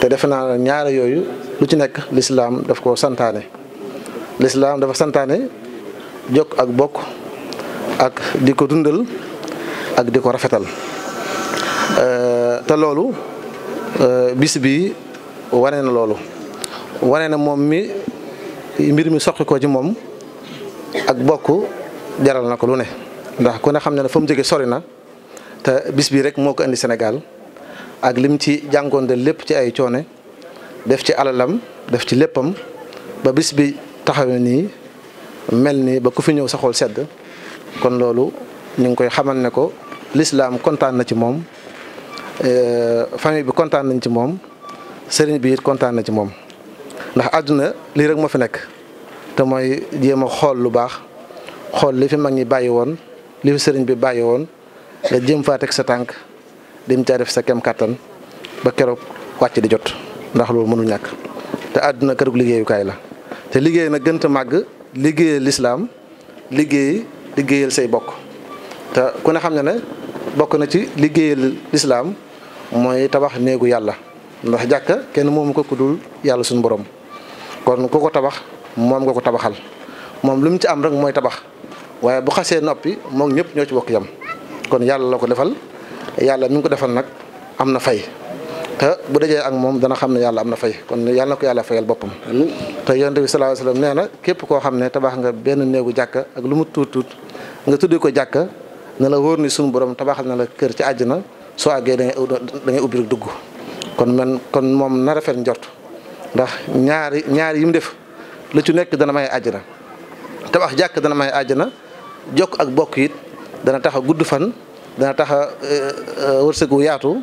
te defe naa ñaare yooyu lu ci nekk lislaam def ko santaane lislaam dafa santaane jokk ak bokk ak di ko dundal ak di ko rafetal Euh, te loolu euh, bis bi wane na loolu wane na moom mi mbir mi soqi ko ci moom ak bokk jaral na ko lu ne ndax ku ne xam ne ne fa mu jóge sori na te bis bi rek moo ko indi senegal ak lim ci jàngoonte lépp ci ay coone def ci alalam def ci léppam ba bis bi taxawe nii mel ni ba ku fi ñëw saxool xol sedd kon loolu ñu ngi koy xamal ne ko lislaam kontaan na ci moom Euh, famille bi kontaan nañ ci moom sëriñ bi it kontaan na ci moom ndax àdduna lii rek moo fi nekk te mooy jéem a xool lu baax xool li fi mag ñi bàyyi woon li fi sëriñ bi bàyyi woon nga jéem faa sa tànk dem caa def sa kem kàttan ba keroog wàcc di jot ndax loolu mënul ñàkk te àdduna kërug liggéeyukaay la te liggéey nag gënt a màgg liggéeyal lislaam liggéey liggéeyal say bokk te ku ne xam ne ne bokk na ci liggéeyal lislaam mooy tabax néegu yàlla ndax jàkka kenn moomu ko kudul yàlla suñu borom kon ko ko tabax moom nga ko tabaxal moom lu mu ci am rek mooy tabax waaye bu xasee noppi moom ñëpp ñoo ci bokk yam kon yàlla la ko defal yàlla mi ngi ko defal nag am na fay te bu dajee ak moom dana xam ne yàlla am na fay kon yàlla ko yàlla fayal boppam te yonent bi sallallahu alayhi wasallam nee na képp koo xam ne tabax nga benn néegu jàkka ak lu mu tuut tuut nga tuddee ko jàkka ne la wóor ni suñu borom tabaxal na la kër ci na soo àggee da ngay da ngay dugg kon man kon moom na rafet njort ndax ñaari ñaari yi mu def lu ci nekk dana may àjjana tabax jàkk dana may àjjana jokk ak bokk it dana tax a gudd fan dana tax a e, e, wërsëg wu yaatu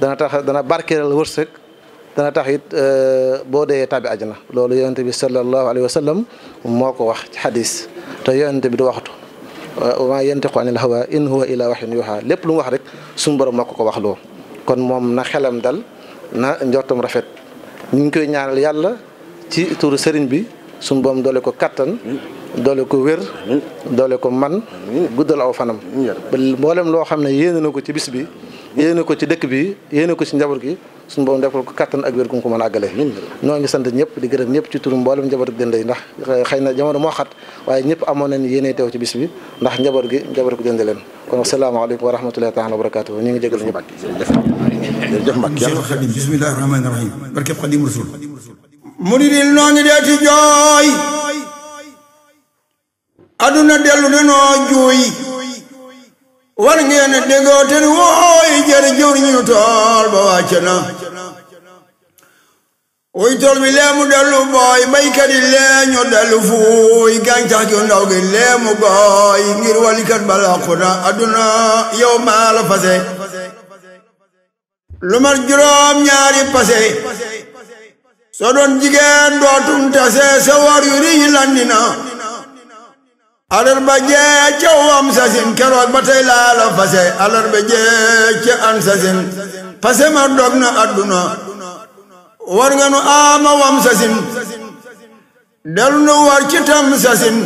dana tax dana barkeelal wërsëg dana tax it e, boo dee tàbbi àjjana loolu yonent bi sallallahu alayhi wa sallam moo ko wax ci xadis te yonent bi du waxtu wa maa yantiqu anil hawa in huwa illa waxin yuha lépp lu wax rek suñu borom moo ko wax waxloo kon moom na xelam dal na njortam rafet ñu ngi koy ñaanal yàlla ci turu sëriñ bi suñu borom doole ko kattan doole ko wér doole ko man guddal aw fanam mboolem loo xam ne yéene na ko ci bis bi yéene ko ci dëkk bi yéene ko ci njaboot gi suñu borom defal ko kattan ak wér gu ko mën a àggale noo ngi sant ñëpp di gërëm ñëpp ci turu mboolem njaboot ak Dendeye ndax eh, xëy na moo xat waaye ñëpp amoon nañ yéene teew ci bis bi ndax njaboot gi njaboot ko Dendeye leen kon asalaamaaleykum wa rahmatullahi taala wa barakatuh ñu ngi jégal ñëpp jërëjëf Mbacke yàlla Xadim bismillahi mu ni dil noonu dee ci jooy aduna dellu danoo jooy war ngeen déggoo te wooy jër jur ñu tool ba wàcc na wuy tool bi leemu dellu booy baykat yi lee ñu dellu fuuy gàncax gi ndaw gi leemu booy ngir walikat ba làqu na adduna yow fase lu juróom ñaari pase soo doon jigéen dootum tase sa war yu riñ landi alarba jee ca wam sasin keroog ba tey laa fase alarba jee ca an sasin fase ma dog na adduna war nga nu aama wam sasin delu nu war ci tam sasin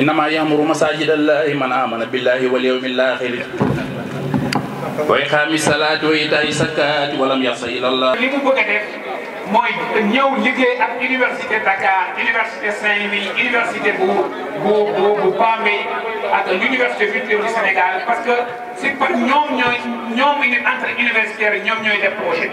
innama yamuru masajid allahi man amana billahi wal yawmil akhir wa iqaami salaati wa itaa'i zakaati wa lam yaxsa illa allah li mu bëgg a def mooy ñëw liggéey ak université Dakar université Saint-Louis université bu bu bu Bambey ak l'université virtuelle du Sénégal parce que c'est par ñoom ñooy ñoom une entre universitaires ñoom ñooy def projet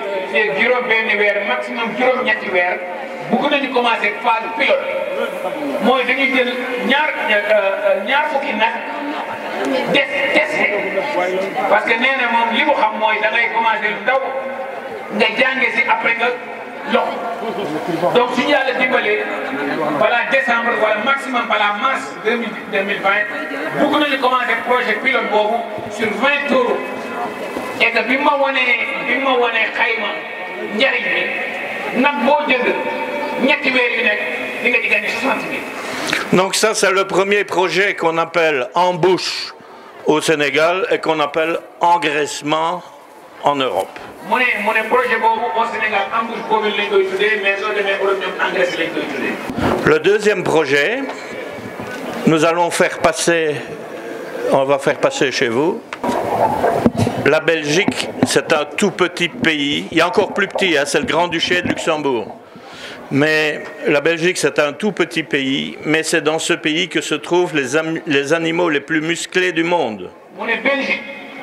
fii ak juróom benn weer maximum juróom ñetti weer bëgg nañu commencé phase pilote mooy dañuy jël ñaar euh, euh, ñaar fukki nag des testé parce que na moom li xam mooy da ngay commencé lu ndaw nga si après nga. loxo donc su ñu yàlla dimbalee balaa décembre wala maximum balaa mars deux mille deux mille vingt bëgg nañu commencé projet pilote sur vingt jours et que bi ma wanee bi ma wanee xayma njariñ bi nag boo jënd ñetti weer yu nekk di nga donc ça c'est le premier projet qu'on appelle embouche au Sénégal et qu'on appelle engraissement. en Europe. Le deuxième projet nous allons faire passer on va faire passer chez vous. La Belgique, c'est un tout petit pays. Il y a encore plus petit, hein, c'est le Grand-Duché de Luxembourg. Mais la Belgique, c'est un tout petit pays, mais c'est dans ce pays que se trouvent les, les animaux les plus musclés du monde. On Belgique.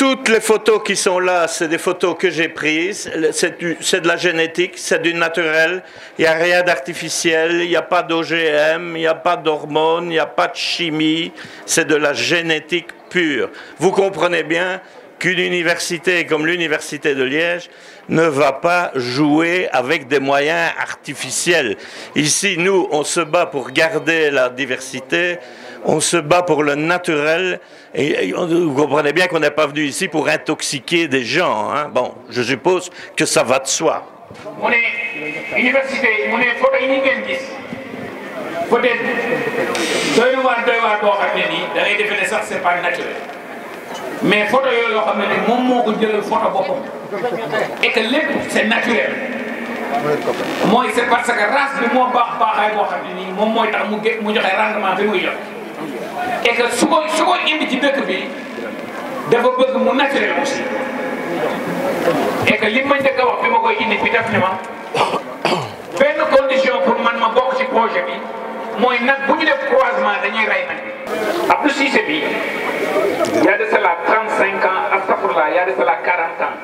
Toutes les photos qui sont là, c'est des photos que j'ai prises. C'est de la génétique, c'est du naturel. Il n'y a rien d'artificiel, il n'y a pas d'OGM, il n'y a pas de chimie. C'est de la génétique pure. Vous comprenez bien qu'une université comme l'université de Liège ne va pas jouer avec des moyens artificiels. Ici, nous, on se bat pour garder la diversité on se bat pour le naturel. Et, et on, vous comprenez bien qu'on n'est pas venu ici pour intoxiquer des gens. Hein? Bon, je suppose que ça va de soi. peut-être doy na waar doy waar boo xam ne nii da ngay defe ne sax c'est pas naturel mais photo yooyu yoo xam ne nii moom moo ko jëlal photo boppam et que lépp c'est naturel mooy c'est parce que race bi moo baax baaxaay boo xam ne nii moom mooy tax mu gé mu joxe rendement bi muy joxe et su koy su koy indi ci dëkk bi dafa bëgg mu naturel aussi et que li ma njëkk a wax bi ma koy indi bi def ni ma benn condition pour man ma bokk ci projet bi mooy nag bu ñu def croisement dañuy rey nag bi Abdou Cissé bi y a de cela 35 ans astafurlah y a de cela 40 ans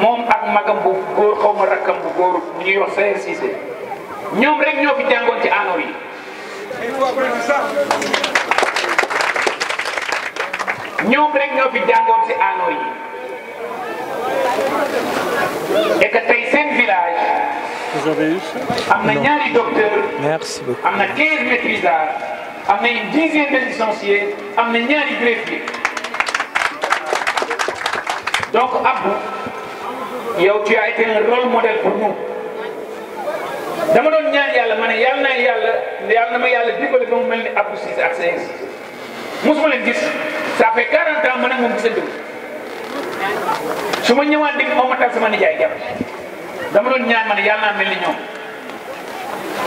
moom ak magam bu góor xaw ma rakkam bu góor bu ñuy wax Sayer Cissé ñoom rek ñoo fi jàngoon ci anor yi il faut apprendre ça. ñoom rek ñoo fi jàngoon si àndoo yi et que tey seen village. vous avez eu ça am na ñaari docteur. merci beaucoup am na 15 maîtrisards am na une dizaine de licenciés am na ñaari greffier donc Abdou yow tu as été un rôle modèle pour nous. dama doon ñaan yàlla ma ne yàlla naa yàlla yàlla na ma yàlla dimbali ba mu mel ni Abdou Cissé ak Seye mosuma leen gis ça fait 40 ans man ak moom gisante wu su ma ñëwaat dégg moom ma tax sama nijaay jàpp dama doon ñaan ma ne yàlla naa mel ni ñoom.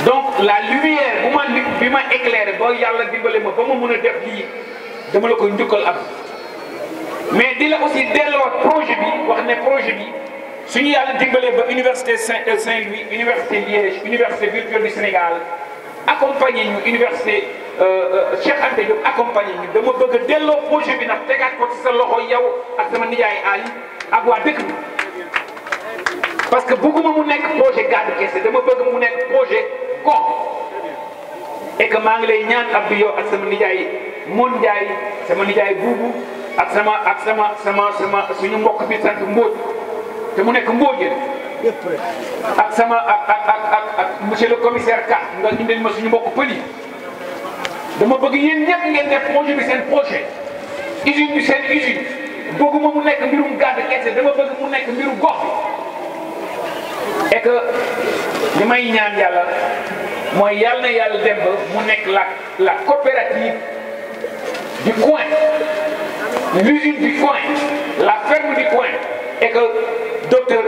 donc la lumière bu ma bi ma éclairé ba yàlla dimbale ma ba ma mën a def lii dama la koy njukkal am mais di la aussi delloo projet bi wax ne projet bi. suñu yàlla dimbalee ba université Saint euh, Saint-Louis université Liège université virtuelle du Sénégal accompagné ñu université euh, euh, Cheikh Anta Diop accompagné ñu dama bëgg a delloo projet bi nag tegaat ko ci sa loxo yow ak sama nijaay Ali ak waa dëkk parce que bëgguma mu nekk projet gàddu kese dama bëgg mu nekk projet gox et que maa ngi lay ñaan Abdou yow ak sama nijaay Moon Ndiaye sama nijaay Boubou ak sama ak sama sama sama suñu mbokk bi sant Mbodj. te mu nekk Mbodiène ak sama ak ak ak ak le commissaire Ka nga indil ma suñu mbokk pël dama bëgg yéen ñëpp ngeen def projet bi seen seen usine bëgguma mu nekk mbirum gàdd kese dama bëgg mu nekk mbiru gox bi que li may ñaan yàlla mooy yàlla na yàlla dem mu nekk la la coopérative du coin l'usine du coin la ferme du coin et docteur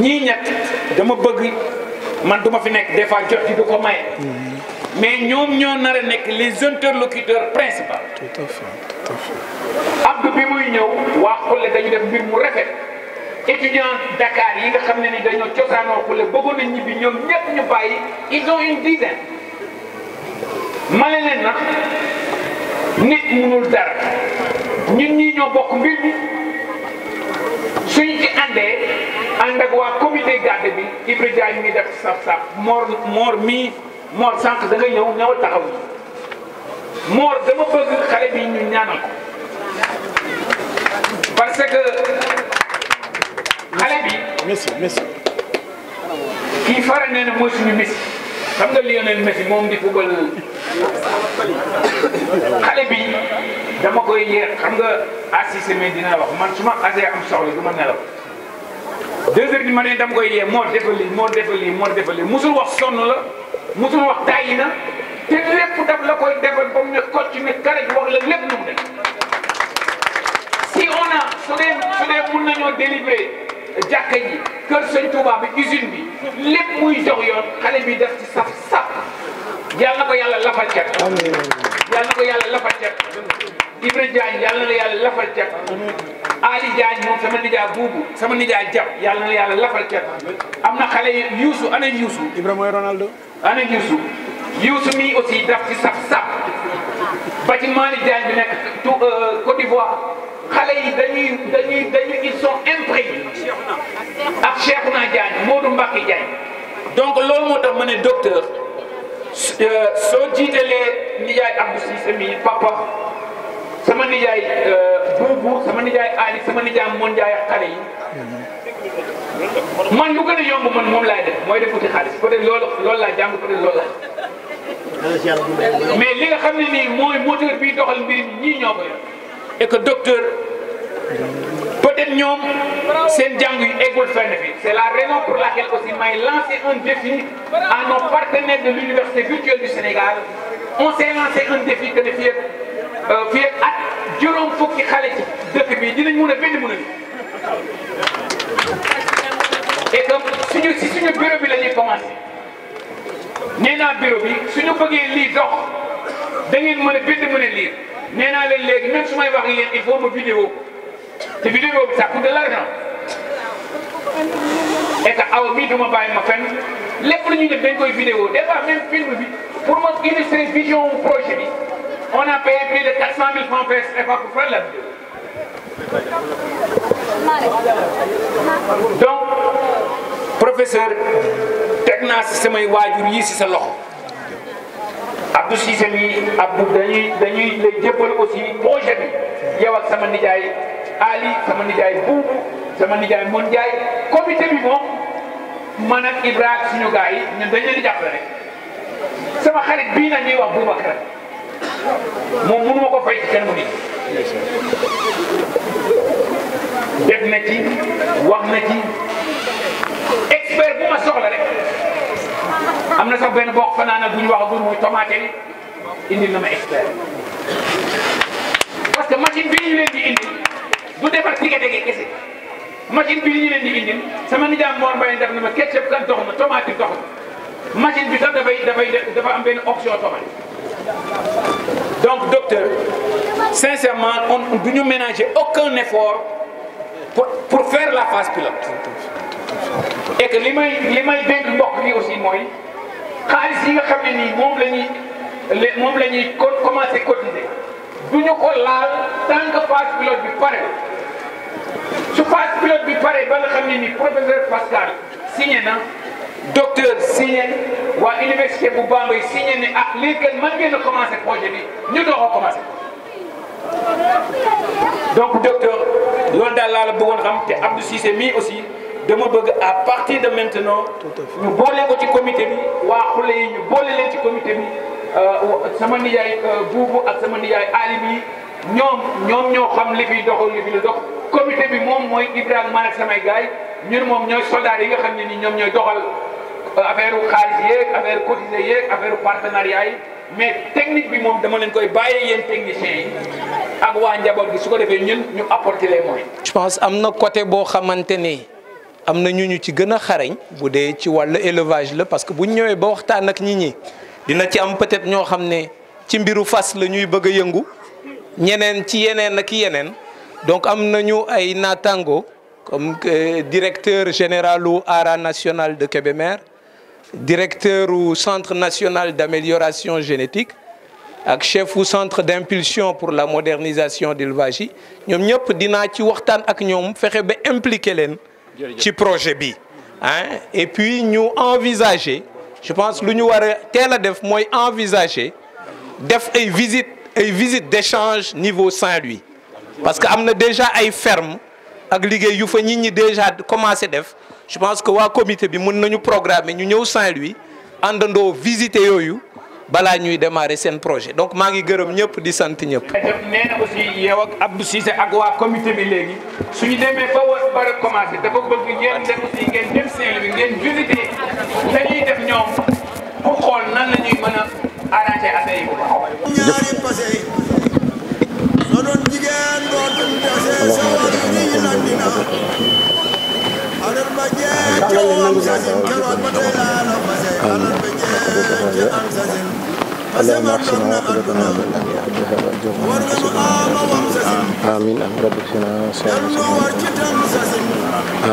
ñii ñett dama bëgg man duma fi nekk des fois jot ci du ko maye. Mm-hmm. mais ñoom ñoo nar a nekk les interlocuteurs principaux. tout à fait tout à fait. Abdou bi muy ñëw waa Khoule dañu def mbir mu rafet étudiants Dakar yi nga xam ne ni dañoo cosaanoo Khoule bëggoon nañ ñibbi ñoom ñëpp ñu bàyyi ils ont une dizaine. ma ne leen nag dara ñun ñii ñoo bokk mbir mi. suñ ci àndee ànd ak waa comité garde bi Ibra Diagne mi def saf saf moor moor mii moor sànq da nga ñëw ñëw taxaw moor dama bëgg xale bi ñu ñaanal ko parce que xale bi. Messi Messi. kii faral nee na mooy suñu Messi xam nga Lionel Messi moom di football xale bi. dama koy yee xam nga assisté wax man su ma xasee am soxla du ma nelaw deux heures du matin dama koy yee moo defal lii moo defal lii moo defal lii musul wax sonn la musul wax tàyyi na te lépp daf la koy defal ba mu ne kocc ne karaj wax la lépp nu mu def si on a su dee mun nañoo délivrer jàkka ji kër sëñ Touba bi usine bi lépp muy jox yoon xale bi def ci saf saf yàlla na ko yàlla lafal cet Ibra Diagne yàlla na la yàlla lafal cat Ali Diagne moom sama nijaay buubu sama nijaay jàpp yàlla na la yàlla lafal cat am na xale yuusu ana yuusu Ibra mooy Ronaldo ana yuusu yuusu mi aussi daf ci sax sax ba ci Mali Diagne nekk tout euh, Côte d'Ivoire xale yi dañuy dañuy dañuy ils sont imprégnés ak Cheikhouna Diagne Modou Mbacké Diagne donc loolu moo tax ma ne docteur euh, soo jiitalee nijaay Abdou Cissé mi papa sama nijaay euh, buubu sama nijaay Ali sama nijaay moon jaay ak xale yi man lu gën a yomb man moom laay def mooy def uti xaalis peut-être loolu loolu laa jàng peut-être loolu laa. mais li nga xam ne nii mooy moteur bi doxal mbir ñii ñoo ko yor et que docteur peut-être ñoom seen jàng yu eggul fenn fi c'est la raison pour laquelle aussi may lancer un défi à nos partenaires de l'université virtuelle du Sénégal on s'est lancé un défi que ne fii fii euh, ak at juróom fukki xale ci dëkk bi dinañ mun a bind mun a lii. et donc suñu si suñu bureau bi la ñuy commencé nee bi suñu bëggee lii dox da ngeen mën a bind mën a lire nee naa leen léegi su may wax yéen il faut ma vidéo te vidéo bi ça coûte de l'argent et que aw mii duma bàyyi ma fenn lépp lu ñuy def dañ koy vidéo des fois même film bi pour ma illustrer vision projet bi. on a payé plus de 400 000 francs CFA pour faire la vidéo. donc professeur teg naa si samay waajur yi si sa loxo Abdou Cissé mi Abdou dañuy dañuy lay jébbal aussi projet bi yow ak sama nijaay Ali sama nijaay Boubou sama nijaay Mon Ndiaye comité bi moom man ak Ibra suñu gars yi ñun dañu leen di jàppale rek sama xarit bii nag ñuy wax Boubacar. moom mënu ma ko fay ci kenn mu nit def na ci wax na ci expert bu ma soxla rek am na sax benn bokk fanaana bu ñu wax agul muy tomate indi na ma expert parce que machine bi ñu leen di indi du defar tige dege kese machine bi ñu leen di indi sama nijaam Mor Mbaye def na ma ketchup kan dox na tomate dox na machine bi sax dafay dafay dafa am benn option donc docteur sincèrement on du ñu ménager aucun effort pour pour faire la phase pilote et que li may li may dénk mbokk yi aussi mooy xaalis yi nga xam ne nii moom la ñuy moom la ñuy commencé cotiser du ñu ko laal tant que bi pare su phase pilote bi pare ba nga xam ne nii professeur Pascal signé na. docteur signé waa université bu baax Bambey signé ne ah lii kat mën ngeen a commencé projet bi ñu doog a commencé donc docteur loolu daal laa la bëggoon xam te Abdou Cissé mii aussi dama bëgg à partir de maintenant ñu boole ko ci comité bi waa xule yi ñu boole leen ci comité bi euh, sama nijaay euh, buubu ak sama nijaay alim yi ñoom ñoom ñoo xam li fi doxal li fi la dox comité bi moom mooy Ibrahima man ak samay gaay ñun moom ñooy soldat yi nga xam ne nii ñoom ñooy doxal affaire xaalis yeeg affaire partenariat yi mais technique bi moom dama leen koy bàyyee yéen techniciens yi am na côté boo xamante ni am na ñu ñu ci gën a xarañ bu dee ci wàllu élevage la parce que bu ñëwee ba waxtaan ak nit ñi dina ci am peut-être ñoo xam ne ci mbiru fas la ñuy bëgg a yëngu ñeneen ci yeneen ak yeneen donc am nañu ay naataango comme euh, directeur général u ARA national de Kébémer. directeur u centre national d'amélioration génétique ak chef u centre d'impulsion pour la modernisation de yi ñoom ñëpp dinaa ci waxtaan ak ñoom fexe ba impliquer leen ci projet bi hein et puis ñu envisager je pense lu ñu war a teel a def mooy envisager def ay visite ay visite d'échange niveau Saint-Louis parce que am na déjà ay ferme ak liggéey yu fa nit ñi déjà commencé def je pense que waa comité bi mun nañu programmer ñu ñëw Saint-Louis àndandoo visiter yooyu balaa ñuy démarrer seen projet donc maa ngi gërëm ñëpp di sant ñëpp. nee na aussi yow ak Abdou Cissé ak waa comité bi léegi suñu demee ba war ba recommencer dafa bëgg ngeen def aussi ngeen dem Saint-Louis ngeen visiter dañuy def ñoom pour xool nan la ñuy mën a arranger affaire yi. ألا نحسن عاقبتنا بالأمر حبها وأجرنا من حسنها آمين أم رب اكفنا سعيدا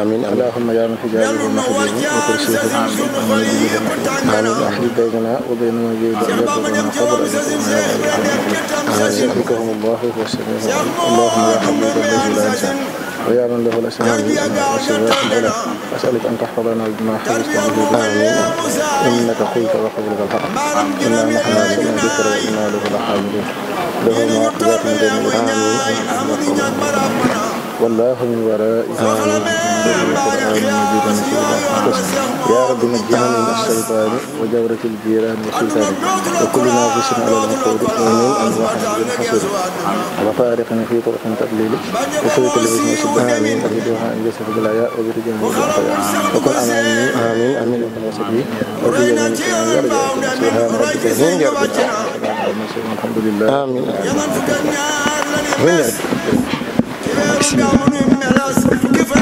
آمين اللهم يا من حجابه المحجوب وترسيه آمين أحد بيننا وبين ما يريد أن يبلغنا قبر أن يكون يا آمين يرحمكم الله هو السميع اللهم يا حبيب الذي لا ينسى ويا من له الأسماء والصفات الأولى أسألك أن تحفظنا بما حفظت به آمين إنك قلت وقبلك الحق إنا نحن نزلنا الذكر وإنا له لحافظون له معقبات من بين آمين والله من ورائهم يا رب نجنا من الشيطان وجورة الجيران وشيطان وكل نافس على العقول ومن أنواعنا بالحصول وفارقنا في طرق تضليل وسلك الذين يشبها من أريدها أن يسف بالعياء وبرجال بالحياء وكن أمامي آمين آمين وكن وسبي وفي يمينك أن يرجع سبحان ربك من يرجع الحمد لله آمين آمين من يرجع ismi